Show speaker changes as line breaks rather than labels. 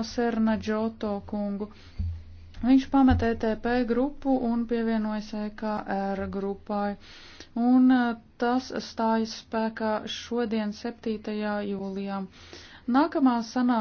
Serna Džoto kungu. Viņš pameta ETP grupu un pievienojas EKR grupai. Un eh, tas stājas spēkā šodien 7. jūlijā. Nākamā sanā